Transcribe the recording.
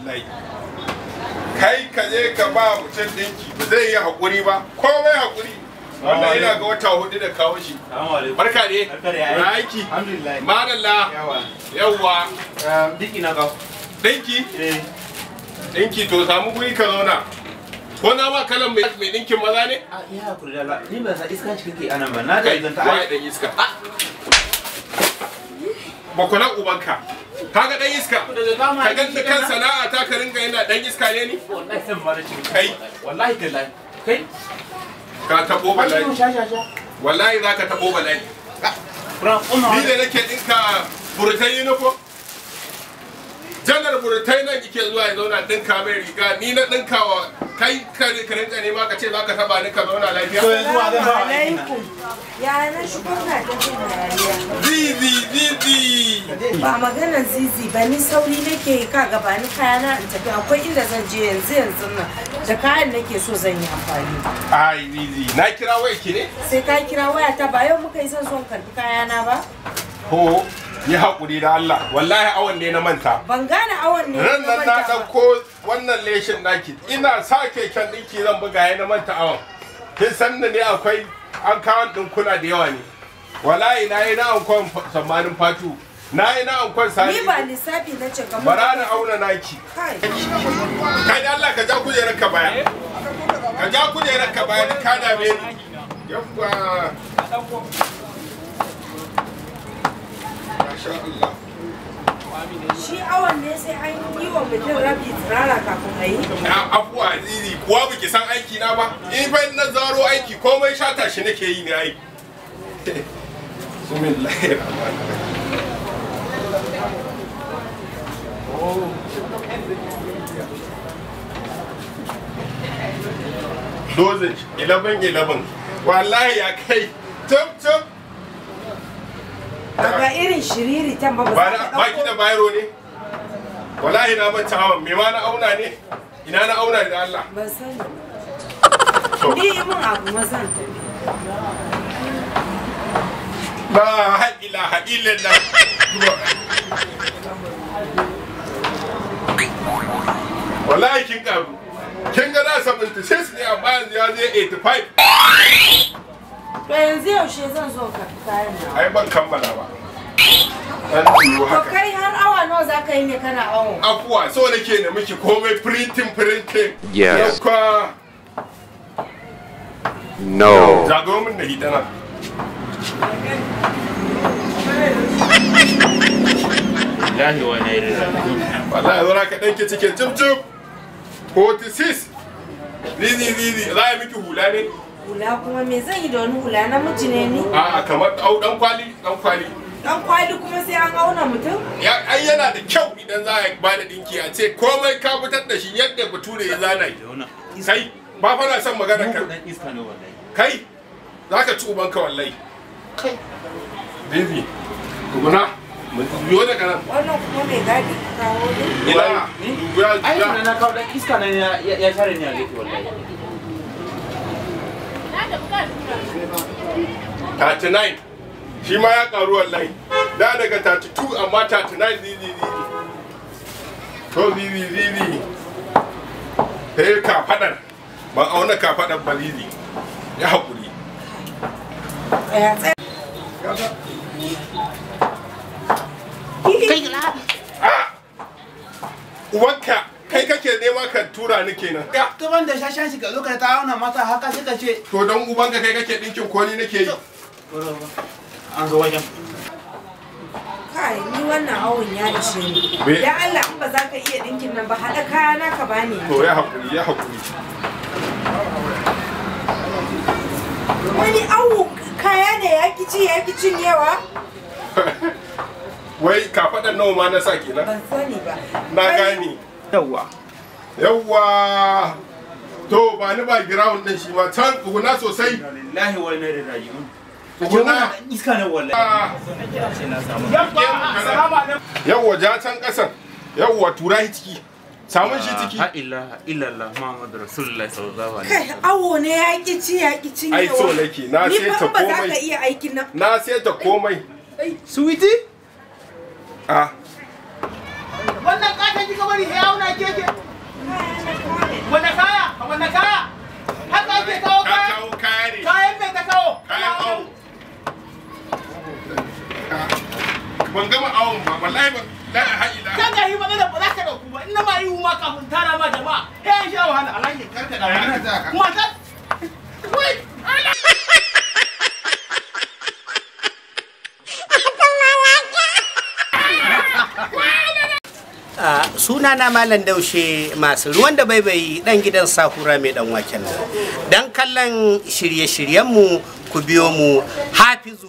wallahi kai ka je ka ba mutum dinki ba zai yi hakuri ba komai hakuri wannan ina ga wata hudu da kawo shi barka ne na aiki madalla yawa dinki eh, na ga dinki dinki eh. to samu guri ka zauna ko na ba kalan mai mai dinkin maza ne a ah, ya hakuri da ni ba sa iska ci kake anan ba na da zanta ai dan iska ba kula ubanka kaga dan iska ka ganda kan sana'a ta ka ringa yana dan iska ne ni wallahi san ba da kai wallahi tallahi kai ka tabo bala'i wallahi za ka tabo bala'i ni da nake dinka ne uniform janar burtai nan ike zuwa ya zauna dinka mai riga ni na dinkawa kai kare kare ka ne ma ka ce za ka taba ni ka zauna lafiya to yanzu ma zan ba alaikum ya na shigo na da zizi zizi ba maganar zizi ba ni sauri nake ka gaba ni kaya na in tafi akwai inda zan je yanzu yanzu nan da kayan nake so zan yi amfani ai zizi na kira waya ki ne sai ka kira waya ta ba yau muka yi zan zo karbi kaya na ba ho yi haƙuri da Allah wallahi awon ne na manta ban gane awon ne na manta ran na ɗauko wannan leshin naki ina sa keken ɗinki zan buga ya na manta awon kin san da ne akwai an kawo ɗinkuna da yawa ne wallahi na yi na ankon samanin fatu na yi na ankon sani ni ba lissafi na ce kamar bara na auna naki kai Allah ka ja kujerar ka baya ka ja kujerar ka baya ka dame ni yawwa shi awon ne sai an yi wa mutum rabi tsirara kafin a yi afuwa aziri kuwa san aiki na ba in fa na zaro aiki komai shata shi nake yi ne ai bismillahir rahmanir dozage 11 11 wallahi ya kai tab tab Daga irin shiriri can ba ba ba ki da bayro ne? Wallahi na ban hawan me ma na auna ne? Ina na auna da Allah? Ban sani. Ni ibin abu mazan Ba Wallahi kin karu. Kin ga na 76 ne a bayan ya je 85. To yanzu yaushe zan zo ka kayan nan? Ai ban kammala ba. Dan turo haka. kai har awa nawa za ka yi ne kana awo? Afuwa so nake ne miki komai printing printing. Yes. Yauka. No. Zago min da hidana. Wallahi wani ya yi irin Wallahi zo na ka ɗanke cikin cip cip. 46. Zizi zizi za a yi miki hula ne? hula kuma me zan yi da wani hula namiji ne ni a'a kamar au dan kwali dan kwali dan kwali kuma sai an auna mutum ya ai yana da kyau idan za a ba da dinki a ce komai ka fitar da shi yadda bature ya zana kai ba fa na son magana ka dan iska ne wallahi kai zaka ci ubanka wallahi kai baby kuma Yo da kana. Wannan kuma mai gadi kawo ne. Ina. Ai na kawo dan iska ne ya ya tare ni a gefe wallahi. 39 shi ma ya ƙaru wallahi da daga 32 amma 39 zizi to zizi zizi ta yi kafadar ba auna kafadar ba zizi ya haƙuri kai ah! uwanka kai kake nema ka tura ni kenan ga ban da shashan shi ka zo ka ta auna masa haka suka ce to dan uban ka kai kake dinkin koli nake yi an zo wajen kai ni wannan awon ya ishe ni Ya Allah in ba za ka iya dinkin nan ba hada kaya na ka bani to ya hakuri ya hakuri wani awo kaya ne ya kici ya kicin yawa wai ka faɗa nawa ma na sa kenan ban sani ba na gani yawwa yawwa to ba ni ba ground din shi ma can kuna sosai lillahi wa inna ilaihi raji'un kuna iska ne wallahi ah. yawwa assalamu alaikum yawwa ja can kasan yawwa tura shi ciki samun shi ciki ha illa illa Allah muhammadu rasulullahi sallallahu alaihi wasallam awo ne ya ki ci ya ki ci ai so nake na sai ta komai ni ba za ka iya aikin nan na sai ta komai sweetie ah ban gama awon ba wallahi ban la da. kan ga hima da ba za ka dauku ba ina ma yi ma kafin tara ma jama'a eh sha wahala alaji karka da ana za ka kuma ta wai ala ah, suna na malam daushe masu ruwan da baibai dan gidan sahura mai dan waken nan dan kallon shirye-shiryenmu ku biyo mu hafizu